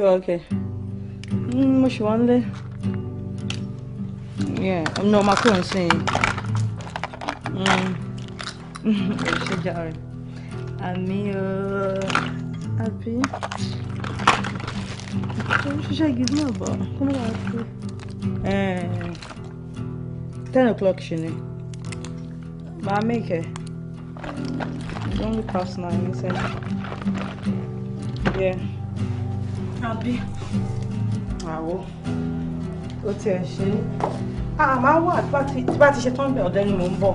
ṣe wà okay mm, mo ṣì wà nílé ọ̀nà ọmọ akúrò ń sìn yìí ṣe jàre àmì àbí uh, ṣiṣẹ́ gidi náà bọ̀ kó ló wàá tó eh, ten o'clock ṣì ni màá mèkè it's only past nine isn't it yeah àbí. àwọ̀ ó tiẹ̀ ṣe é àmọ́ wà tí bá ti ṣe tán bẹ̀ ọ̀dẹ́ ni mò ń bọ̀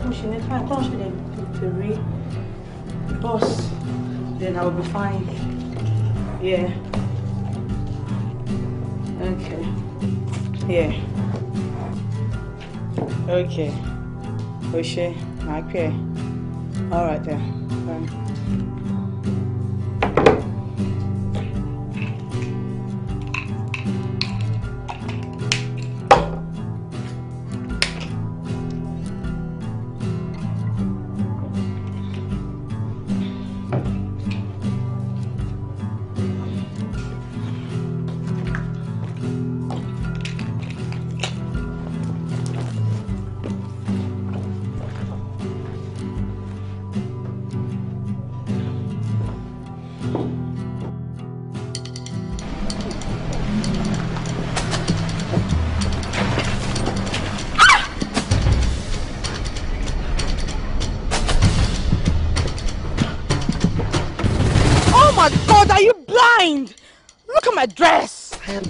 mo ṣe ní fine kọ́ ṣe lè bèrè bus then I will be fine yeah okay yeah okay o ṣe màá pẹ́ ẹ́. All right, then.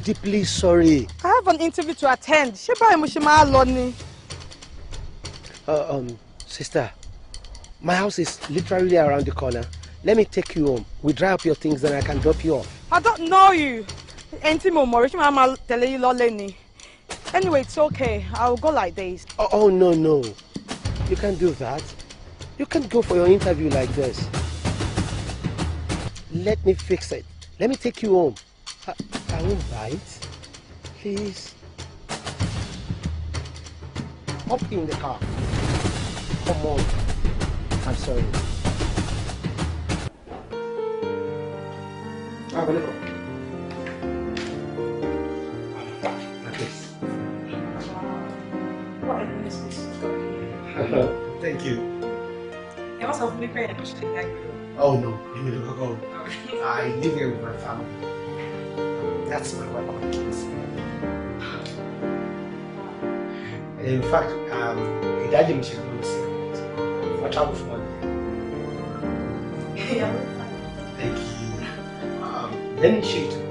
deeply sorry. I have an interview to attend. Sheba, báyìí mo ṣe máa uh, Um, sister, my house is literally around the corner. Let me take you home. We dry up your things then I can drop you off. I don't know you. Ẹni tí mo mọ̀ Anyway, it's okay. I'll go like this. Oh, oh no, no. You can't do that. You can't go for your interview like this. Let me fix it. Let me take you home. all right. please. Hop in the car. Come on. I'm sorry. Have Ah, whatever. Thank you. It was have been very interesting. Oh no, you need to go. Oh. I live here with my family. That's my wife and kids. And in fact, um, i Mchegulu is here. What trouble for me? Thank you. Um, let me show you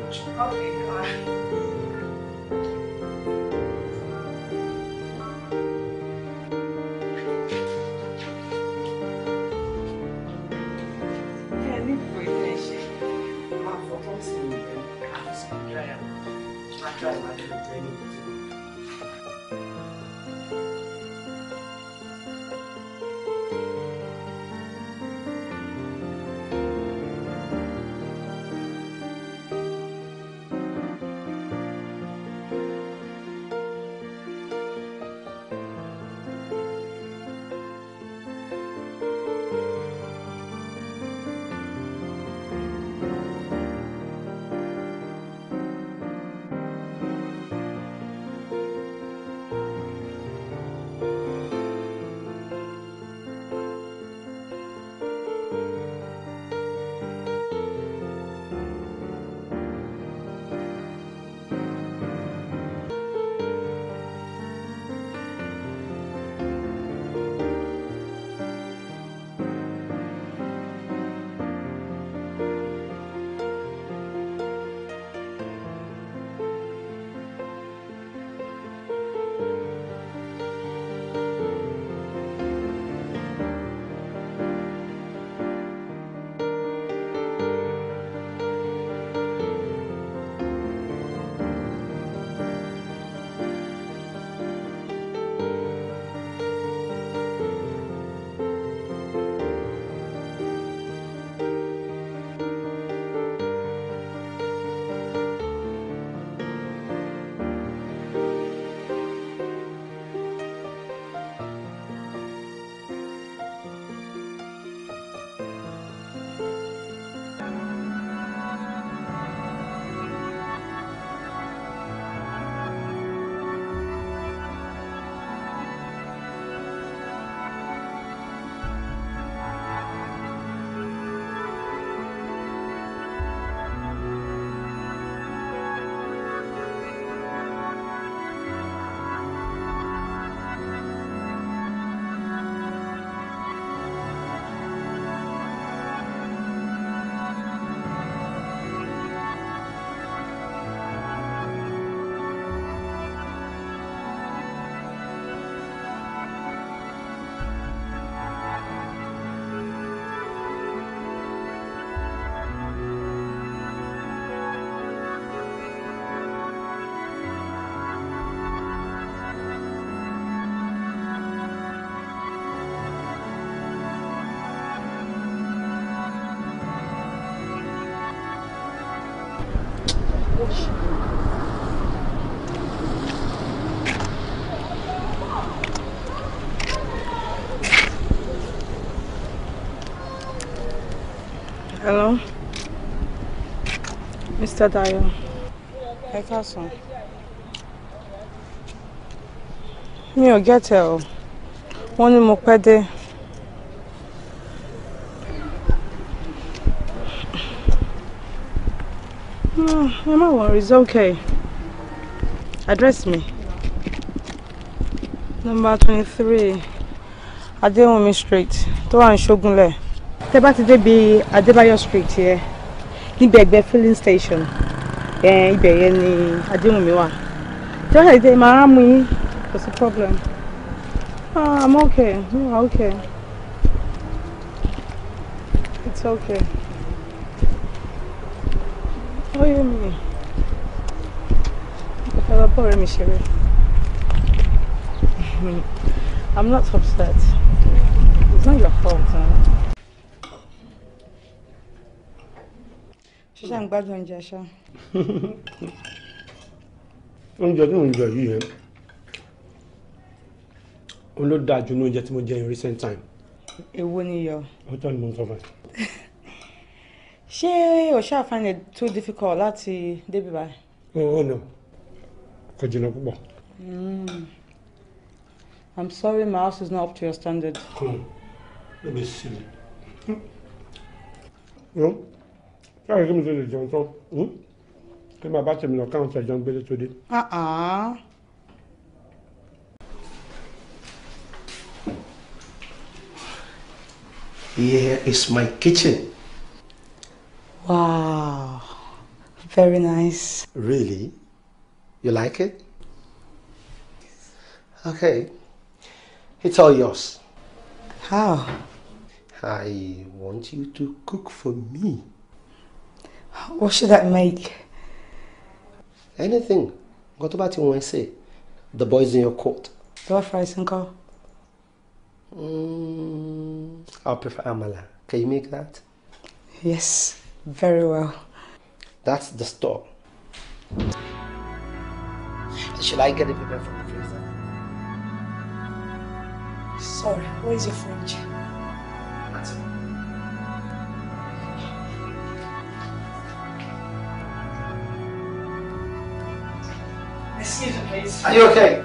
Mr. Dayo. Ẹ káàsán. Mi ò gẹ́tẹ̀ o. Wọ́n ní mo pẹ́ dé. Hmm, ẹ má wọ̀n rí, it's okay. Address me. Number twenty three Adéwùnmí street tó wà ní Ṣógúnlẹ̀. Tẹ́ bá ti débi Adébáyọ̀ street yẹn. Yeah níbi ẹgbẹ́ filling station ibẹ̀ yẹn ni àdéhùn wà jọ́sẹ̀ ìdè máa rán mi kò sí problem ah i'm okay i'm okay it's okay ó yé mi ọ̀rọ̀ bọ́ọ̀rẹ́ mi ṣeré i'm not upset it's not your fault. Huh? ṣíṣà ń gbádùn oúnjẹ ṣá. oúnjẹ tí mò ń jẹ yìí yẹn olódàá ju ní oúnjẹ tí mo jẹ in recent time. èwo ni yọ. ó tọ́ ni mo ń sọ fún ẹ. ṣé o ṣáà find it too difficult láti débi báyìí. Oh, oh no kò jìnnà púpọ̀. Hmm. I'm sorry my house is not up to your standard. come let me see. silly. Hmm. you káyọ̀ kí mi tó lè jẹun tán hm? kí màá bá tèmi lọ káwọn tó ẹ̀jọ̀ ń gbélé tó dé. Here is my kitchen. Wow, very nice. Really? You like it? Okay, it's all yours. How? I want you to cook for me. What should I make? Anything. What about you when say the boys in your court. Do I fry call. Mm, I'll prefer Amala. Can you make that? Yes, very well. That's the store. Should I get a paper from the freezer? Sorry, where's your fridge? Are you okay?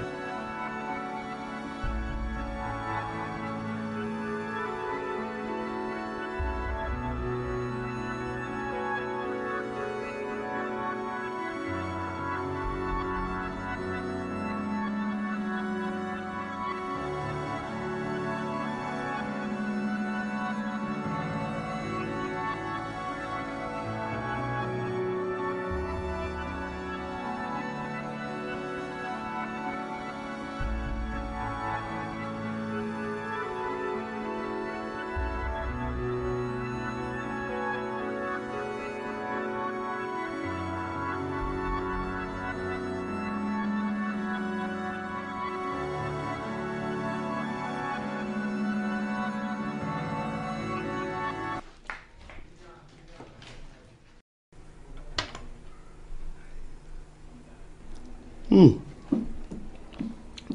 Mm.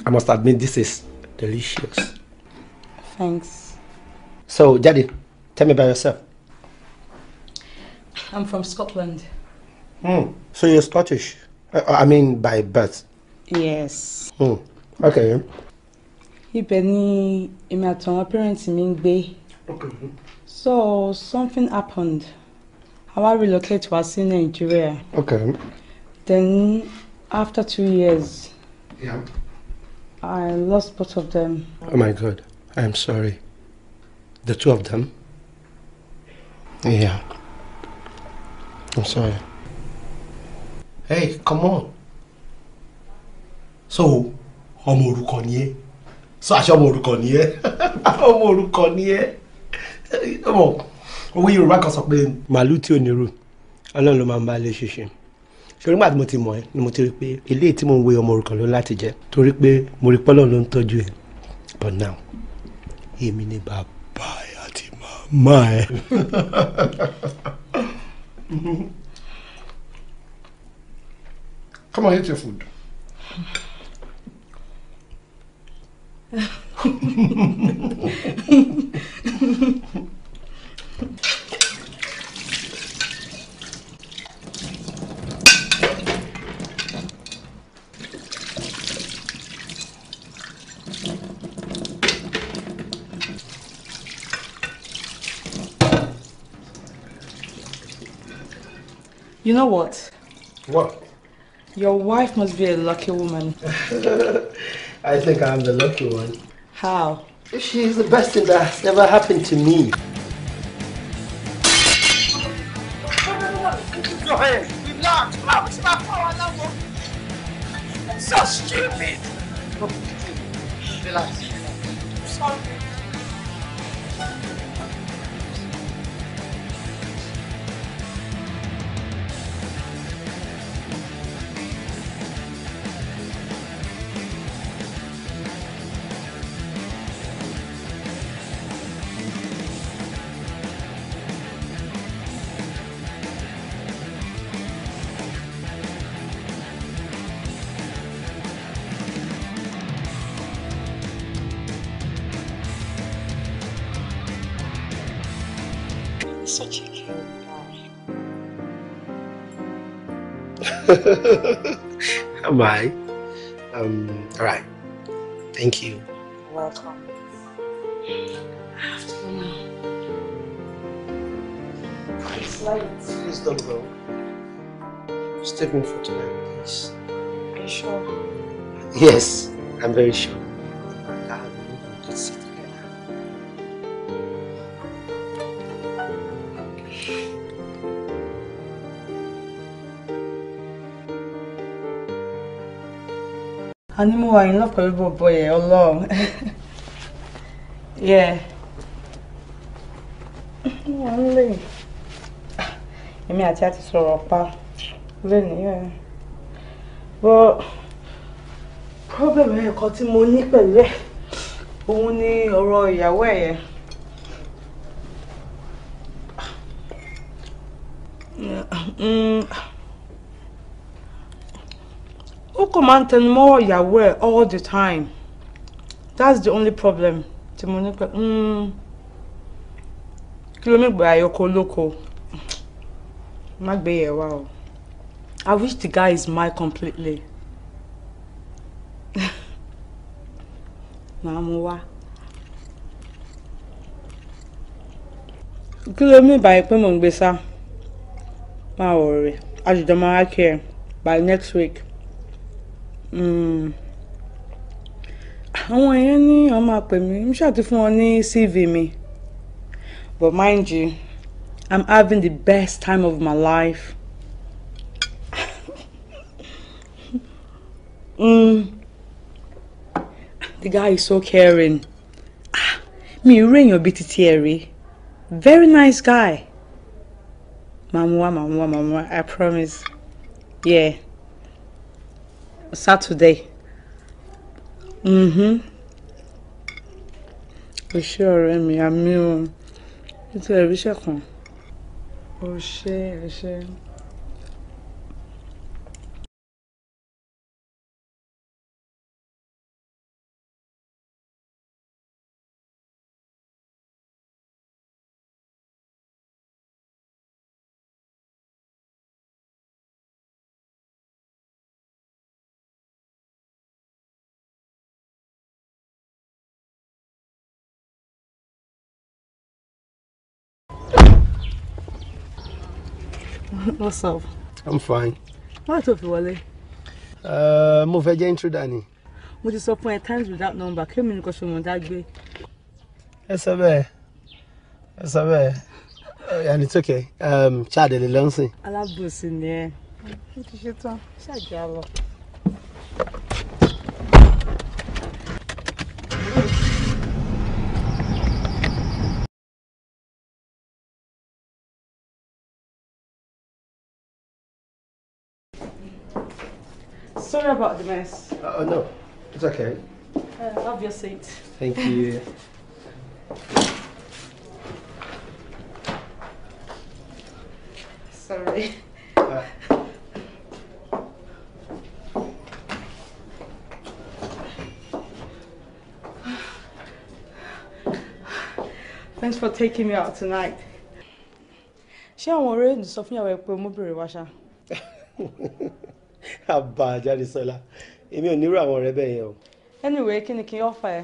I must admit this is delicious. Thanks. So, Daddy, tell me about yourself. I'm from Scotland. Mm. So you're Scottish? Uh, uh, I mean by birth? Yes. Mm. Okay. Ibẹ̀ ni èmi àtàwọn parents mi ń Okay. So something happened. I wa to wá sí Nigeria. Okay. Then After two years, yeah. I lost both of them. Oh my God, I'm sorry. The two of them? Yeah. I'm sorry. Hey, come on. So, ọmọ òrukàn ni So, àṣà ọmọ òrukàn ni ẹ́. Ọmọ òrukàn ni ẹ́. Ọmọ, owó Yorùbá kan sọ pé. Màálù tí ò ní rù, ọlọ́run ló máa ṣòro nígbà tí mo ti mọ̀ ẹ́ ni mo ti rí pé ilé tí mo ń wé ọmọ òrukàn ló láti jẹ́ torí pé mo rí pọ́lọ́ ló ń tọ́jú ẹ̀ but now èmi ni bàbá ẹ̀ àti màmá ẹ̀. Come on, eat your food. You know what? What? Your wife must be a lucky woman. I think I'm the lucky one. How? She's the best thing that's ever happened to me. Am Um, all right. Thank you. Welcome. Please, please don't go. with in for tonight, please. Are you sure? Yes, I'm very sure. àní mo wà in love pẹ̀lú bọ̀bọ̀ yẹn ọlọ́run yẹ wọ́n lè èmi àti àti sọ̀rọ̀ pa lẹ́nu yẹn bọ́ problem ẹ̀kọ́ tí mo ní pẹ̀lú ẹ̀ òun ni ọ̀rọ̀ kàn máa ń tẹnu mọ́ ìyàwó all the time that's the only problem tí mo ní pẹ́ mm, kí ló mẹ́gbẹ̀ẹ́ àyọkọ olóko I wish the guy is mine completely màá mu wá. kí ló mú ìbáyé pé mò care by next week àwọn yẹn ní ọmọ àpè mi mo ṣáà ti fún wọn ní CV mi but mind you I'm having the best time of my life. mm. The guy is so caring. Ah, mi rí èèyàn bíi titi ẹ̀ rí. Very nice guy. Màmúwa màmúwa màmúwa I promise. Yeah. Saturday. Mm-hmm. O ṣé ọ̀rẹ́ mi, àmì o, nítorí iṣẹ́ kan. O ṣé, ẹ What's I'm fine. Why tó fi wọlé? Mo fẹ́ jẹ́ intruder ni. Mo ti sọ fún ẹ times without number kí èmi nìkan ṣe mọ̀ dá gbé. Ẹ sọ bẹ́ẹ̀, ẹ sọ bẹ́ẹ̀, uh, and it's okay, Um, ṣáàdì lè lọ́nsìn. Alábòsí ni ẹ. Ó ti ṣe tán, ṣáàjì á lọ. Sorry about the mess. Oh, uh, no. It's okay. Uh, have your seat. Thank you. Sorry. Uh. Thanks for taking me out tonight. ṣé àwọn ọ̀rẹ́ ìdùnsọ fún ìyàwó ẹ pé ọmọbìnrin wa ṣá. àbá Àjàdísọ́lá èmi ò nírú àwọn ọ̀rẹ́ bẹ́ẹ̀ yẹn o. anyway kí ni kí n offer ẹ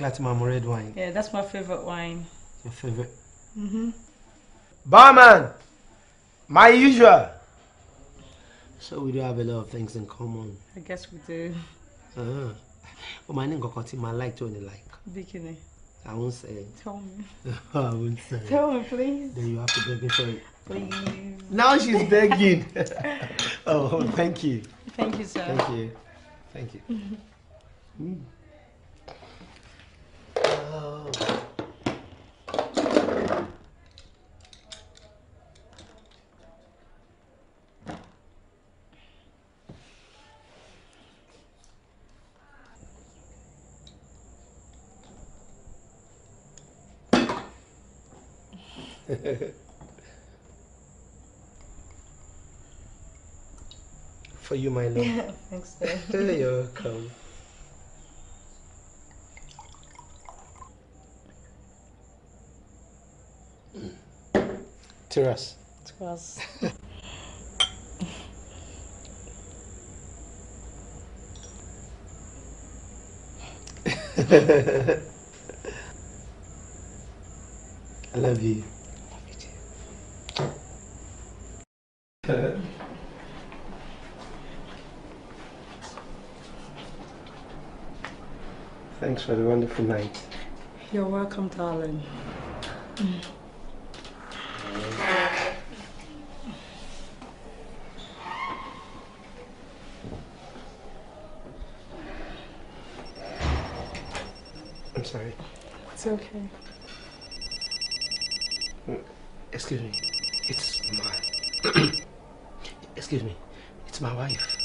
like láti máa red wine. yeah that's my favorite wine. your favorite? Mm-hmm. barman my usual. so we do have a lot of things in common. i guess we do. Uh-huh. o máa ní nǹkan My tí màá like tó ní like. bikini. I won't say it. Tell me. I won't say it. Tell me, please. Then you have to beg me for it. Please. Now she's begging. oh, thank you. Thank you, sir. Thank you. Thank you. mm. For you, my love. Yeah, thanks, You're welcome. To us. I love you. I love you too. Thanks for the wonderful night. You're welcome, darling. Mm. I'm sorry. It's okay. Uh, excuse me. It's my... Excuse me. It's my wife.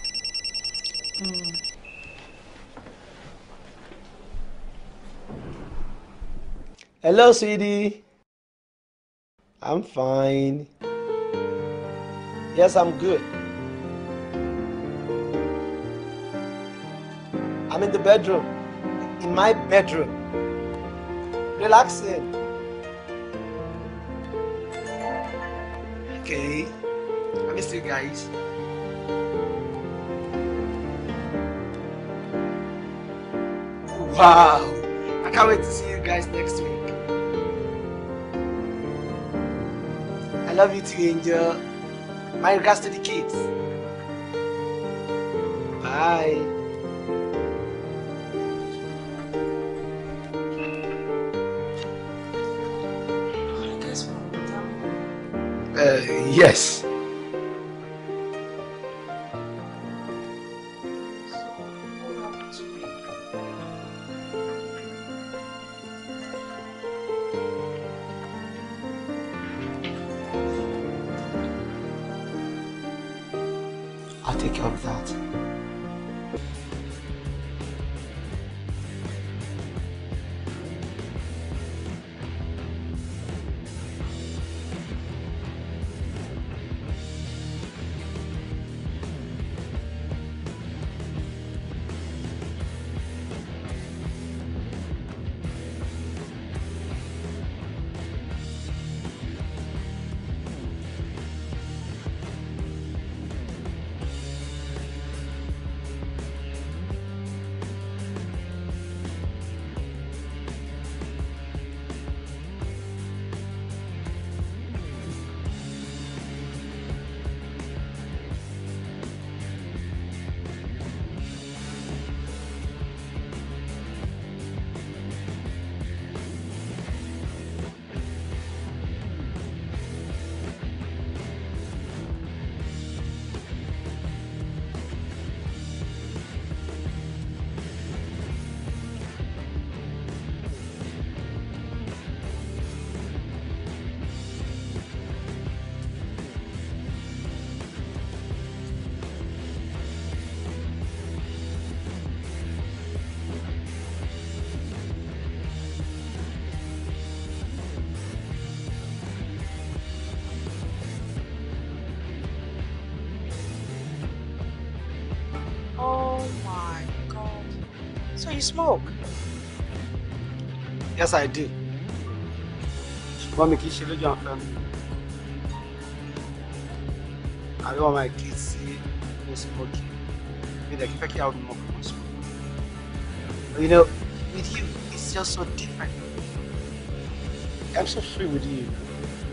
Mm. Hello, sweetie. I'm fine. Yes, I'm good. I'm in the bedroom. In my bedroom. Relaxing. Okay. I miss you guys. Wow. I can't wait to see you guys next week. I love you too, Angel. My regards to the kids. Bye. yes I'll take care of that. So you smoke? Yes, I do. Ṣùgbọ́n mi she í ṣe lójú I don't want my kids to see me smoking. I mean, I keep out more from smoke. But you know, with you, it's just so different. I'm so free with you.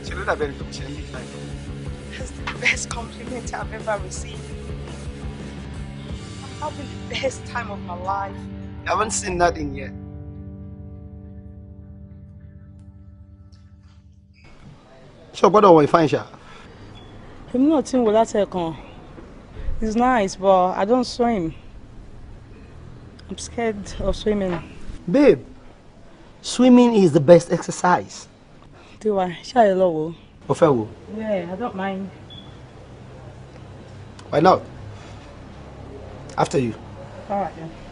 She know that very good. She like That's the best compliment I've ever received. I'm having the best time of my life. I haven't seen nothing yet. So what do we find, ṣá. I'm not ti ń wò láti he's nice but I don't swim. I'm scared of swimming. babe swimming is the best exercise. Do ṣáà Shall I o fẹ́ yeah I don't mind. why not after you. all right then. Yeah.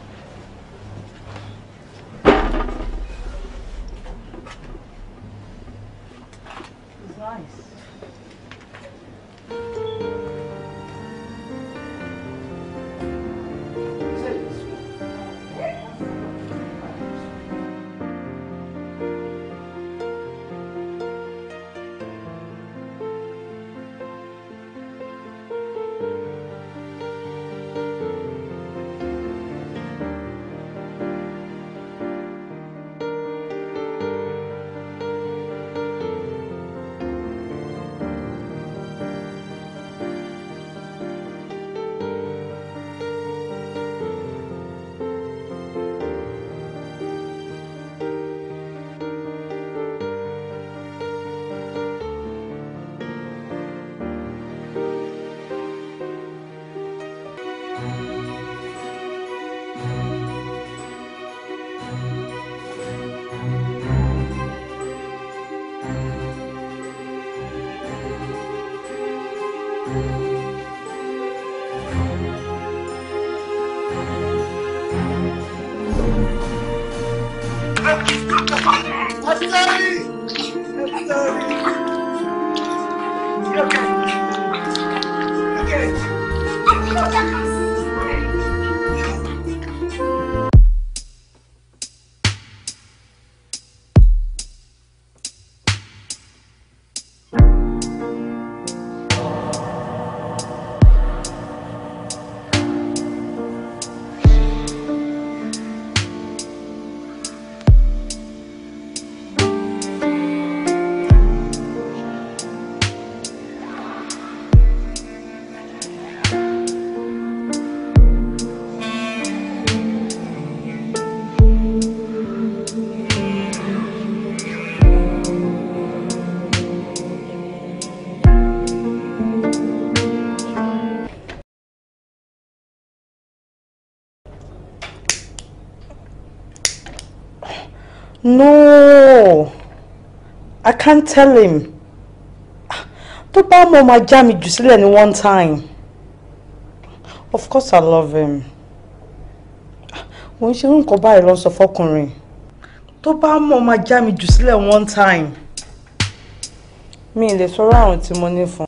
Thank you. no i can't tell him To buy more, my já mi jù one time of course i love him When she won't báyìí lọ sọ fọkùnrin tó bá mọ̀ máa já mi jù sílẹ̀ one time Me, they surround with the money for.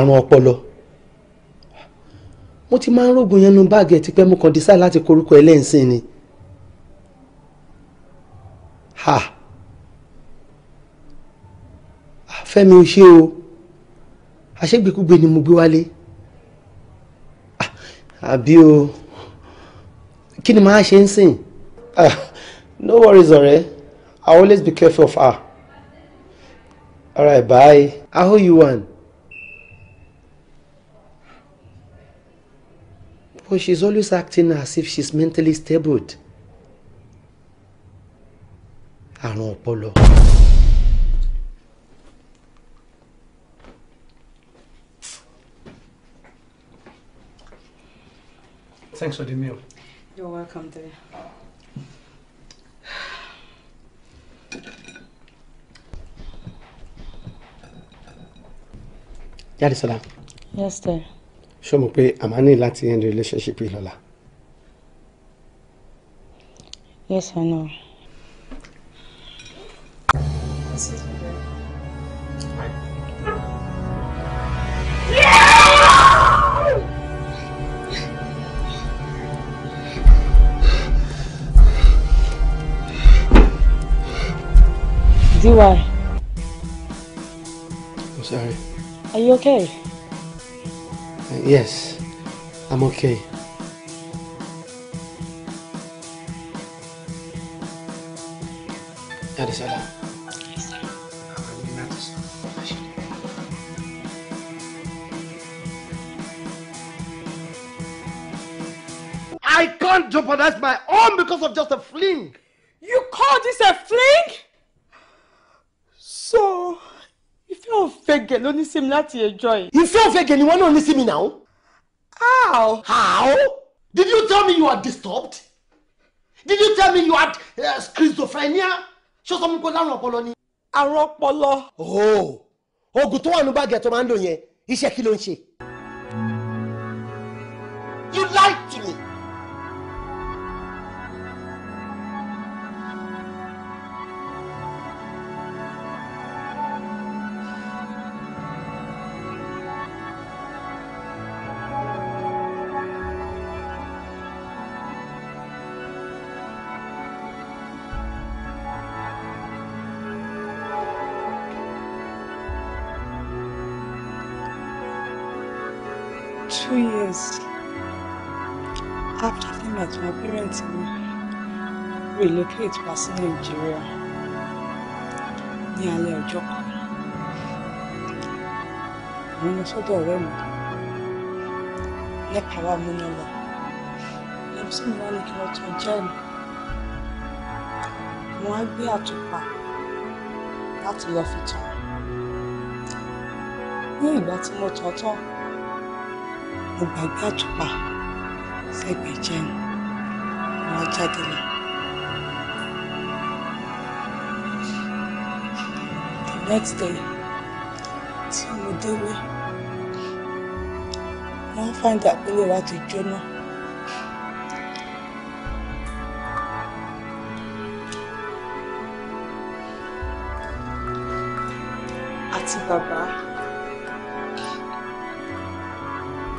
àrùn ọpọlọ mo ti máa ń rògùn yẹn nu báàgì ẹ̀ tipẹ́ mo kàn dísà láti korúkọ ẹlẹ́ǹsìn ni ha fẹ́mi ò ṣe o àṣégbèkúgbe ni mo gbé wálé àbí o kí ni màá ṣe ń sìn no worries ọ̀rẹ́ I always be careful of her All right, bye how you wan. But she's always acting as if she's mentally stable. Àrùn ọpọlọ. Thanks for the meal. You're welcome, dear. Yadisola. Yes, dear ṣó mọ̀ pé a máa ní láti end relationship yìí lọ́la. yes i know. Do I? I'm sorry. Are you okay? Yes, I'm okay. Dar Salam. I can't jeopardize my own because of just a fling. You call this a fling? òfegè ló ní sí mi láti ẹjọ́ yìí. ìfẹ́ òfegè ni wọ́n náà ní sí mi náà. how. how did you tell me you are disturbed did you tell me you had uh, eh, schizophrenia ṣé o sọ fún mi pé lárùn ọpọlọ ni. àrùn ọpọlọ. ooo oh, oògùn tó wà ní báàgì ẹ̀ tó máa ń lò yẹn iṣẹ́ kí ló ń ṣe. you like. relocate wá sí Nàìjíríà ní alẹ́ ọjọ́ kan mo lọ ọ̀rẹ́ mi lẹ́kàá wa mú lọ lẹ́bi sí mi ní kí wọ́n tún jẹ́ mi wọ́n á gbé àtùpà láti lọ fi tàn ní ìgbà tí mo tàn tán mo gbàgbé àtùpà sẹ́gbẹ̀ẹ́ jẹun wọ́n jáde lọ. next day tí mo délé wọ́n find out pé ilé wa ti jóná. àti bàbá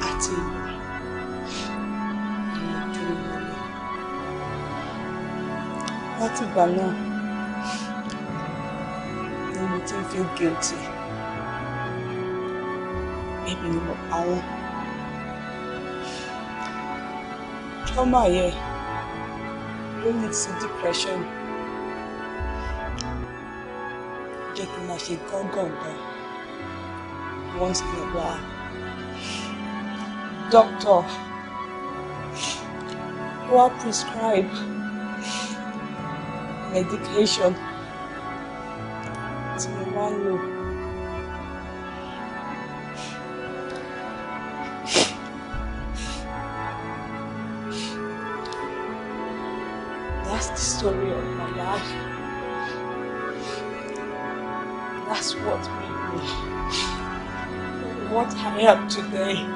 àti ìyá ni mo dúró lórí látìgbà náà. feel guilty. Maybe you no power. Trauma don't need to depression. Jẹ́ kí n máa ṣe gángan once in a while. Doctor, you are prescribed medication. what I am today.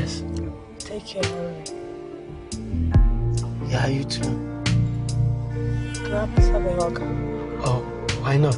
Yes. Take care, Harry. Yeah, you too. Can I please have a hug? Oh, why not?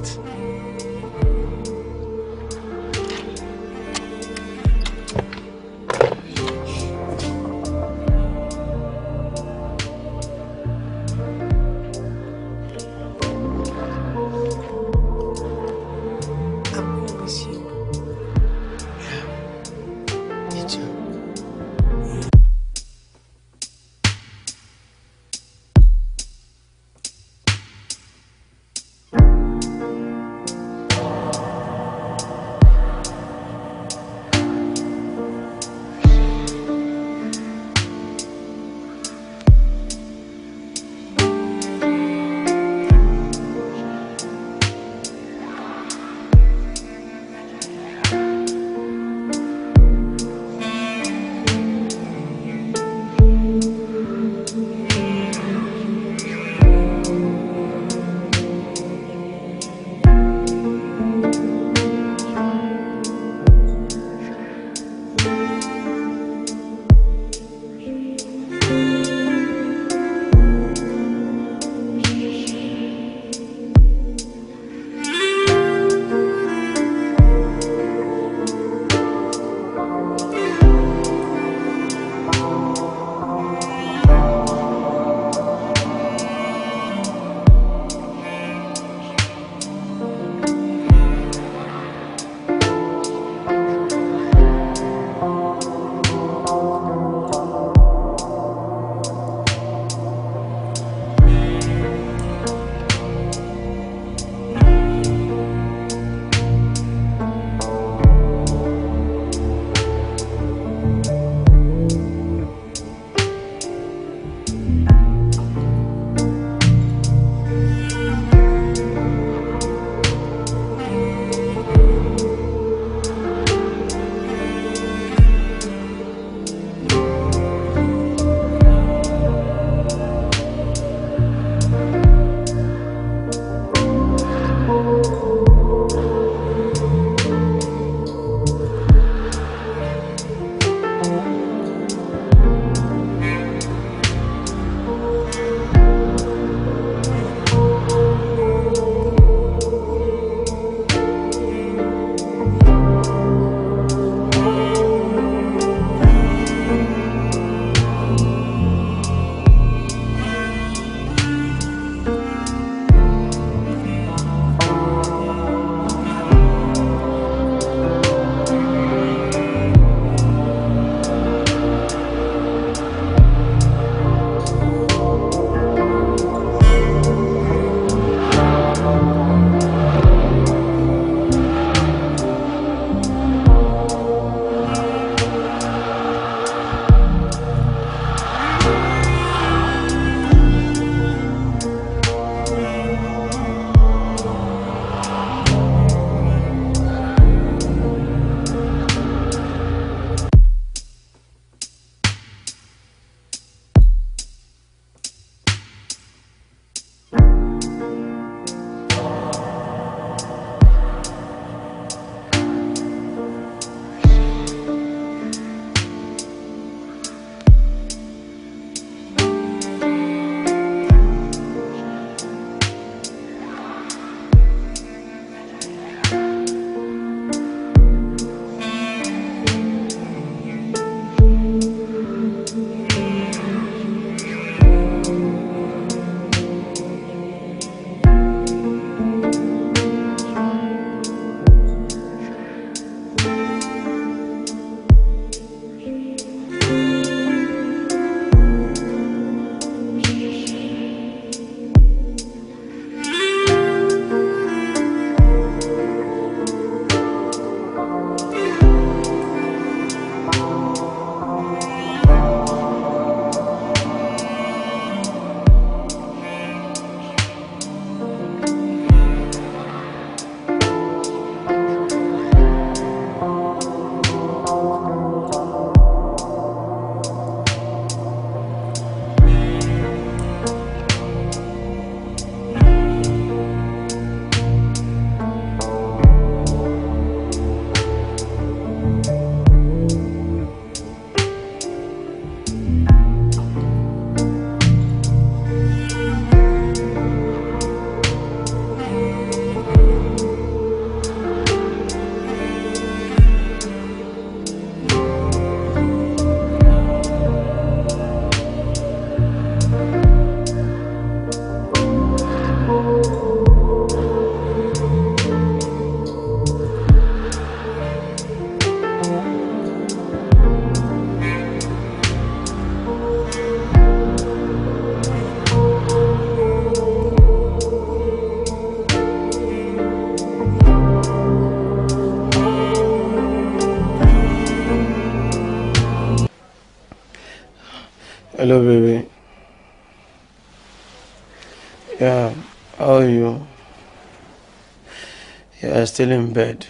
still in bed.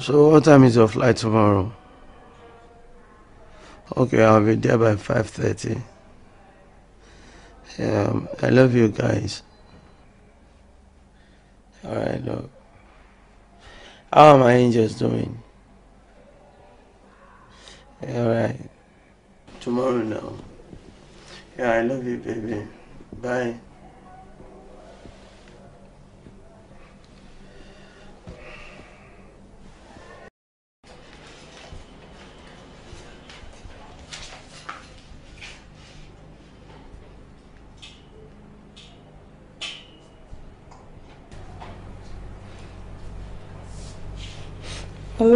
So what time is your flight tomorrow? Okay, I'll be there by 5.30. Um, I love you guys. Alright, look. How are my angels doing? Alright. Tomorrow now. Yeah, I love you, baby. Bye.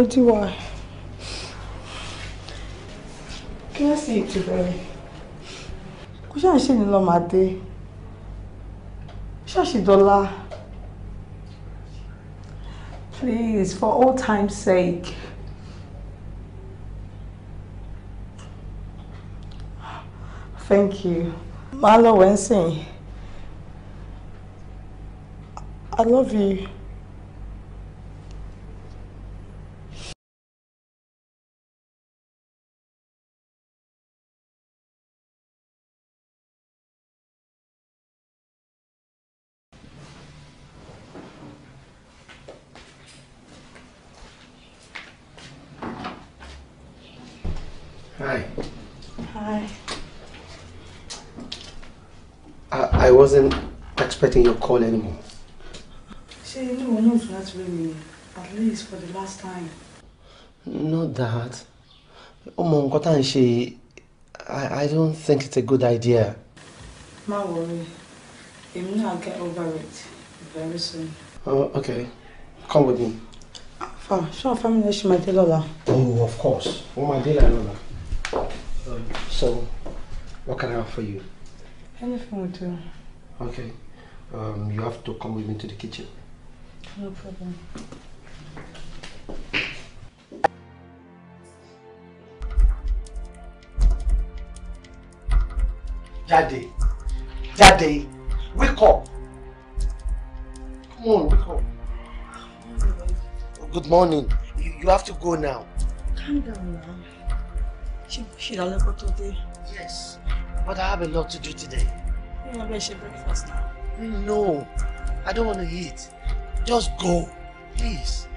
ti wà kíláàsì ti bẹ̀rẹ̀ kò ṣáà ṣì ní lọ́ọ́ máa dé ṣáàṣì dọ́là please for all time's sake. Thank you. Máa lọ wẹ́ńsìn. I love you. getting your call anymore. Say, no one knows that really, at least for the last time. Not that. Ọmọ nǹkan tá à ń ṣe, I don't think it's a good idea. Má worry, èmi I'll get over it very soon. Oh, okay. Come with me. Fa, ṣé our family ṣe máa dé lọ́la? Oh, of course. Oh, my dé lọ́la. So, what can I offer you? Anything will do. Okay um, you have to come with me to the kitchen. No problem. Daddy, Daddy, wake up. Come on, wake up. Good morning. You, you have to go now. Calm down now. She, she today. Yes, but I have a lot to do today. You have to breakfast now. No, I don't want to eat. Just go, please.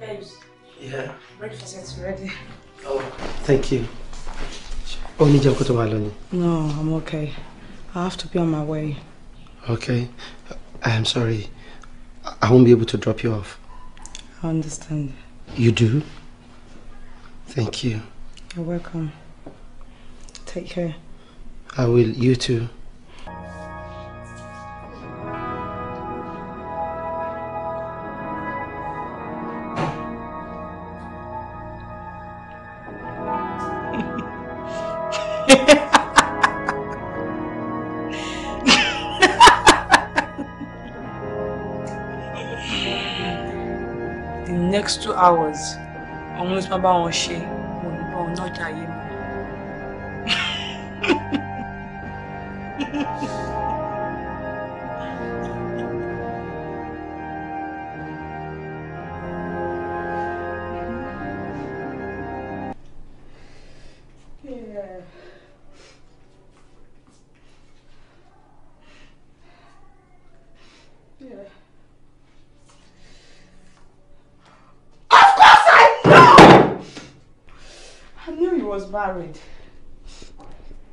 Babes. Yeah. Breakfast is ready. Oh, thank you. No, I'm okay. I have to be on my way. Okay. I am sorry. I won't be able to drop you off. I understand. You do? Thank you. You're welcome. Take care. I will. You too. the next two hours òun ló tún bá wọn ṣe mo ní bá wọn nájà yé was married.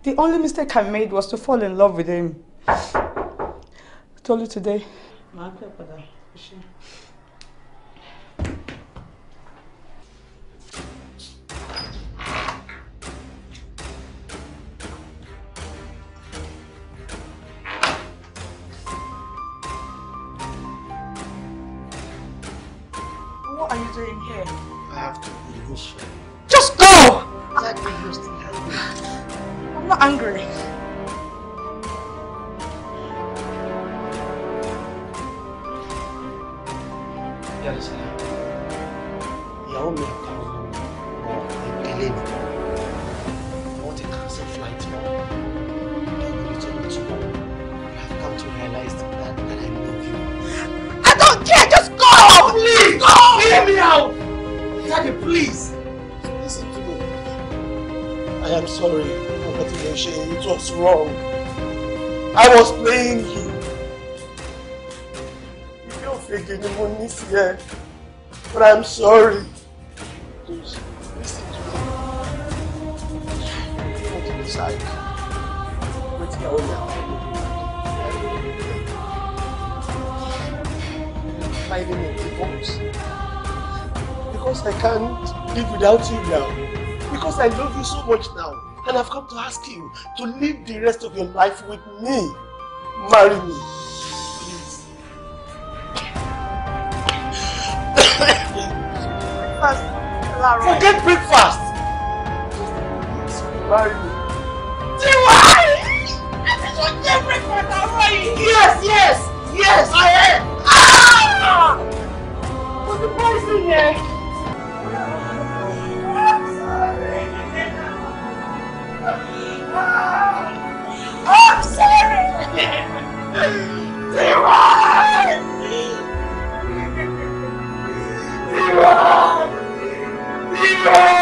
The only mistake I made was to fall in love with him. I told you today. My ìyàwó mi àtàwọn ọmọ ìdílé mi wọ́n ti I don't care just go! Please go! me out! Daddy please! Listen to me. I am sorry for what you did. It was wrong. I was playing you ìfègè ni mo this sí but i'm sorry. Please, listen to me. I want to decide. What's the only I'm filing a divorce. Because I can't live without you now. Because I love you so much now. And I've come to ask you to live the rest of your life with me. Marry me. forget breakfast. just marry me. Yeah.